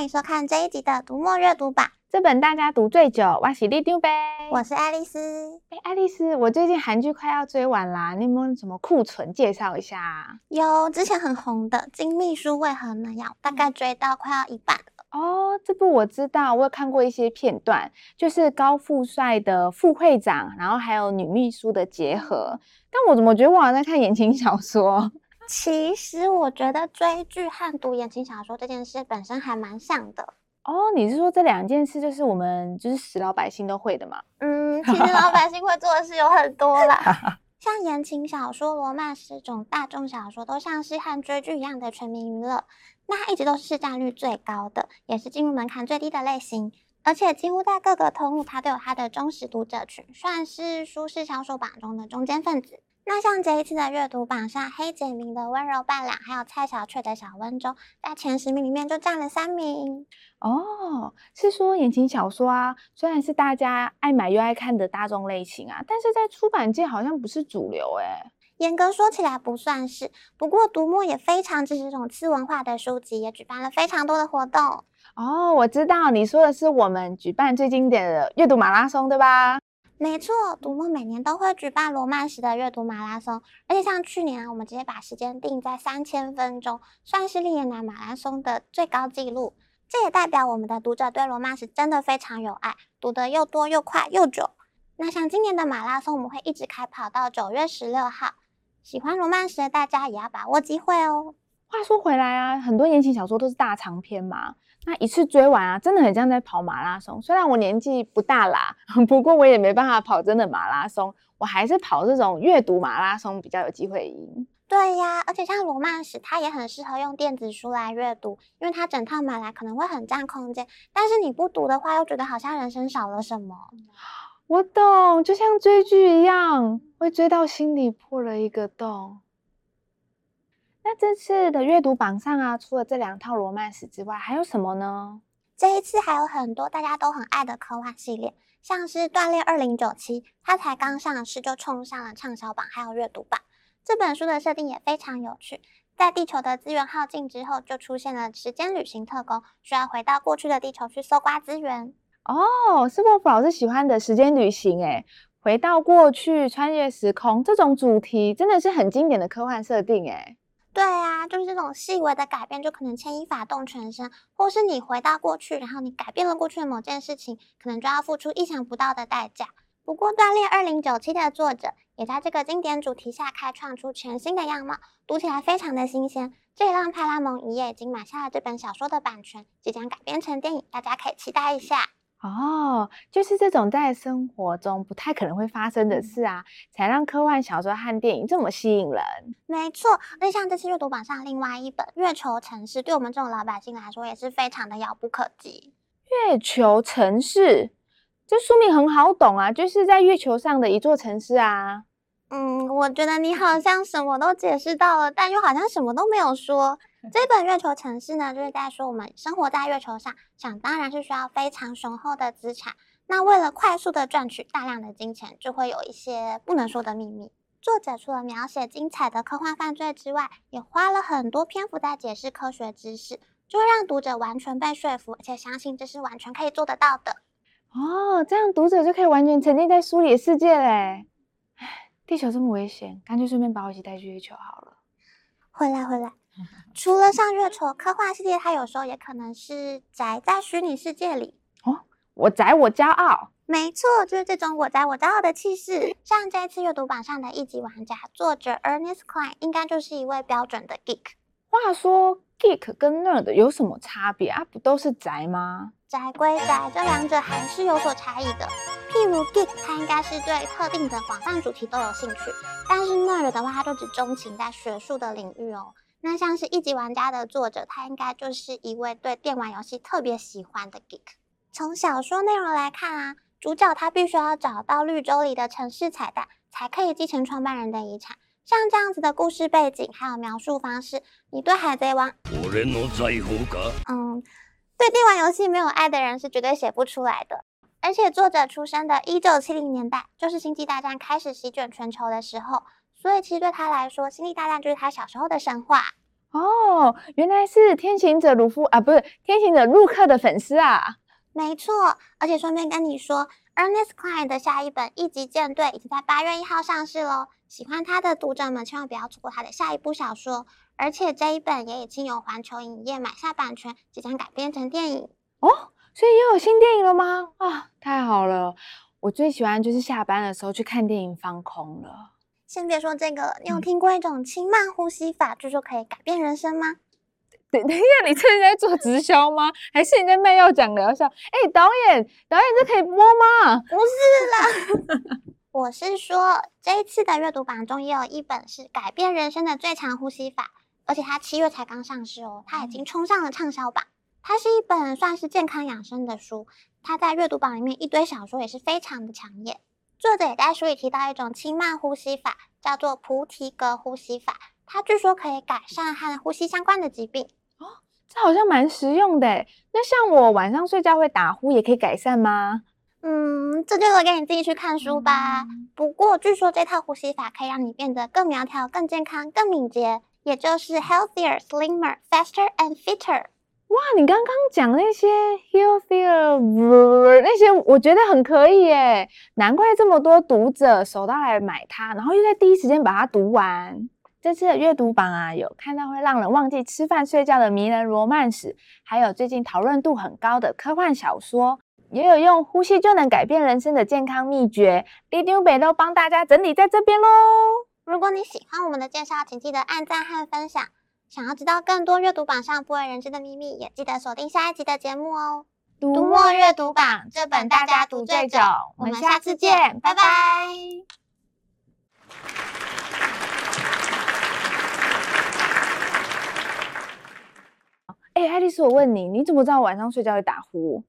歡迎收看這一集的讀墨閱讀榜，這本大家讀最久！我是里長伯！我是愛麗絲。哎，愛麗絲，我最近韓劇快要追完啦，你有沒有什麼庫存介紹一下？有，之前很紅的《金秘書為何那樣》嗯，大概追到快要一半了。哦，這部我知道，我有看過一些片段，就是高富帥的副會長，然後還有女秘書的結合，但我怎麼覺得我好像在看言情小說？其實我覺得追劇和讀言情小說這件事本身還蠻像的哦。你是說這兩件事就是我們就是死老百姓都會的嗎？嗯，其實老百姓會做的事有很多啦， 像言情小說、羅曼史這種大眾小說，都像是和追劇一樣的全民娛樂。那它一直都是市占率最高的，也是進入門檻最低的類型，而且幾乎在各個通路，它都有它的忠實讀者群，算是書市銷售榜中的中堅分子。那像這一次的閱讀榜上，黑潔明的《溫柔伴郎》，還有蔡小雀的小溫州，在前十名裡面就占了三名。哦，是說言情小說啊，雖然是大家愛買又愛看的大眾類型啊，但是在出版界好像不是主流誒。嚴格說起來不算是，不過讀墨也非常支持這種次文化的書籍，也舉辦了非常多的活動。哦，我知道你說的是我們舉辦最經典的閱讀馬拉松，對吧？沒錯，讀墨每年都會舉辦羅曼史的閱讀馬拉松，而且像去年啊，我們直接把時間定在三千分鐘，算是歷年來馬拉松的最高紀錄。這也代表我們的讀者對羅曼史真的非常有愛，讀得又多又快又久。那像今年的馬拉松，我們會一直開跑到九月十六號，喜歡羅曼史的大家也要把握機會哦。話說回來啊，很多言情小說都是大長篇嘛。那一次追完啊，真的很像在跑馬拉松。雖然我年紀不大啦，不過我也沒辦法跑真的馬拉松，我還是跑這種閱讀馬拉松比較有機會贏。對呀、啊，而且像羅曼史，它也很適合用電子書來閱讀，因為它整套買來可能會很佔空間，但是你不讀的話，又覺得好像人生少了什麼。我懂，就像追劇一樣，會追到心裡破了一個洞。那這次的閱讀榜上啊，除了這兩套羅曼史之外，還有什麼呢？這一次還有很多大家都很愛的科幻系列，像是《斷裂二零九七》，它才剛上市就衝上了暢銷榜，還有閱讀榜。這本書的設定也非常有趣，在地球的資源耗盡之後，就出現了時間旅行特工，需要回到過去的地球去搜刮資源。哦，是傅老師喜歡的時間旅行，誒，回到過去，穿越時空，這種主題真的是很經典的科幻設定，誒。對啊，就是這種細微的改變，就可能牽一髮動全身，或是你回到過去，然後你改變了過去的某件事情，可能就要付出意想不到的代價。不過，《斷裂二零九七》的作者也在這個經典主題下開創出全新的樣貌，讀起來非常的新鮮。這也讓派拉蒙影業已經買下了這本小說的版權，即將改編成電影，大家可以期待一下。哦，oh, 就是這種在生活中不太可能會發生的事啊，嗯，才讓科幻小說和電影這麼吸引人。沒錯，那像這次閱讀榜上另外一本《月球城市》，對我們這種老百姓來說也是非常的遙不可及。月球城市，這書名很好懂啊，就是在月球上的一座城市啊。嗯，我覺得你好像什麼都解釋到了，但又好像什麼都沒有說。這本《月球城市》呢，就是在說我們生活在月球上，想當然是需要非常雄厚的資產。那為了快速的賺取大量的金錢，就會有一些不能說的秘密。作者除了描寫精彩的科幻犯罪之外，也花了很多篇幅在解釋科學知識，就會讓讀者完全被說服，而且相信這是完全可以做得到的。哦，這樣讀者就可以完全沉浸在書裡的世界嘞。哎，地球這麼危險，乾脆順便把我一起帶去月球好了。回來，回來。 除了上月球科幻世界，他有時候也可能是宅在虛擬世界裡哦。我宅我驕傲，沒錯，就是這種我宅我驕傲的氣勢。像這次閱讀榜上的一級玩家作者 Ernest Cline，應該就是一位標準的 geek。話說 geek 跟 nerd 有什麼差別啊？不都是宅嗎？宅歸宅，這兩者還是有所差異的。譬如 geek，他應該是對特定的廣泛主題都有興趣，但是 nerd 的話，他就只鍾情在學術的領域哦。那像是一級玩家的作者，他應該就是一位對電玩遊戲特別喜歡的 geek。從小說內容來看啊，主角他必須要找到綠洲裡的城市彩蛋，才可以繼承創辦人的遺產。像這樣子的故事背景，還有描述方式，你對海賊王？我的嗯，對電玩遊戲沒有愛的人是絕對寫不出來的。而且作者出生的1970年代，就是星際大戰開始席捲全球的時候。所以其實對他來說，星際大戰就是他小時候的神話哦。原來是天行者魯夫啊，不是天行者陸克的粉絲啊？沒錯，而且順便跟你說，Ernest Cline 的下一本《一級艦隊》已經在八月一號上市嘍。喜歡他的讀者們千萬不要錯過他的下一部小說，而且這一本也已經由環球影業買下版權，即將改編成電影哦。所以又有新電影了嗎？啊，太好了！我最喜歡就是下班的時候去看電影放空了。先別說這個，你有聽過一種輕慢呼吸法，據說可以改變人生嗎？等等一下，你這是在做直銷嗎？ 還是你在賣藥講療效？哎、欸，導演，導演，這可以播嗎？不是啦， 我是說，這一次的閱讀榜中也有一本是改變人生的最強呼吸法，而且它七月才剛上市哦，它已經衝上了暢銷榜。它是一本算是健康養生的書，它在閱讀榜裡面一堆小說也是非常的搶眼。作者也在書裡提到一種輕慢呼吸法，叫做菩提格呼吸法，它據說可以改善和呼吸相關的疾病。哦，這好像蠻實用的誒。那像我晚上睡覺會打呼，也可以改善嗎？嗯，這就留給你自己去看書吧。嗯、不過據說這套呼吸法可以讓你變得更苗條、更健康、更敏捷，也就是 healthier, slimmer, faster and fitter。哇，你剛剛講那些 healthier、呃、那些，我覺得很可以耶，難怪這麼多讀者手到來買它，然後又在第一時間把它讀完。這次的閱讀榜啊，有看到會讓人忘記吃飯睡覺的迷人羅曼史，還有最近討論度很高的科幻小說，也有用呼吸就能改變人生的健康祕訣。滴丟北都幫大家整理在這邊嘍。如果你喜歡我們的介紹，請記得按讚和分享。想要知道更多閱讀榜上不為人知的秘密，也記得鎖定下一集的節目哦！讀墨《讀墨閱讀榜》這本大家讀最久，最早我們下次見，拜拜。哎，愛麗絲，我問你，你怎麼知道晚上睡覺會打呼？